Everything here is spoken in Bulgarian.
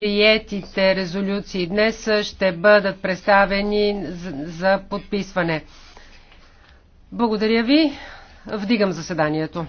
Приетите резолюции днес ще бъдат представени за подписване. Благодаря ви. Вдигам заседанието.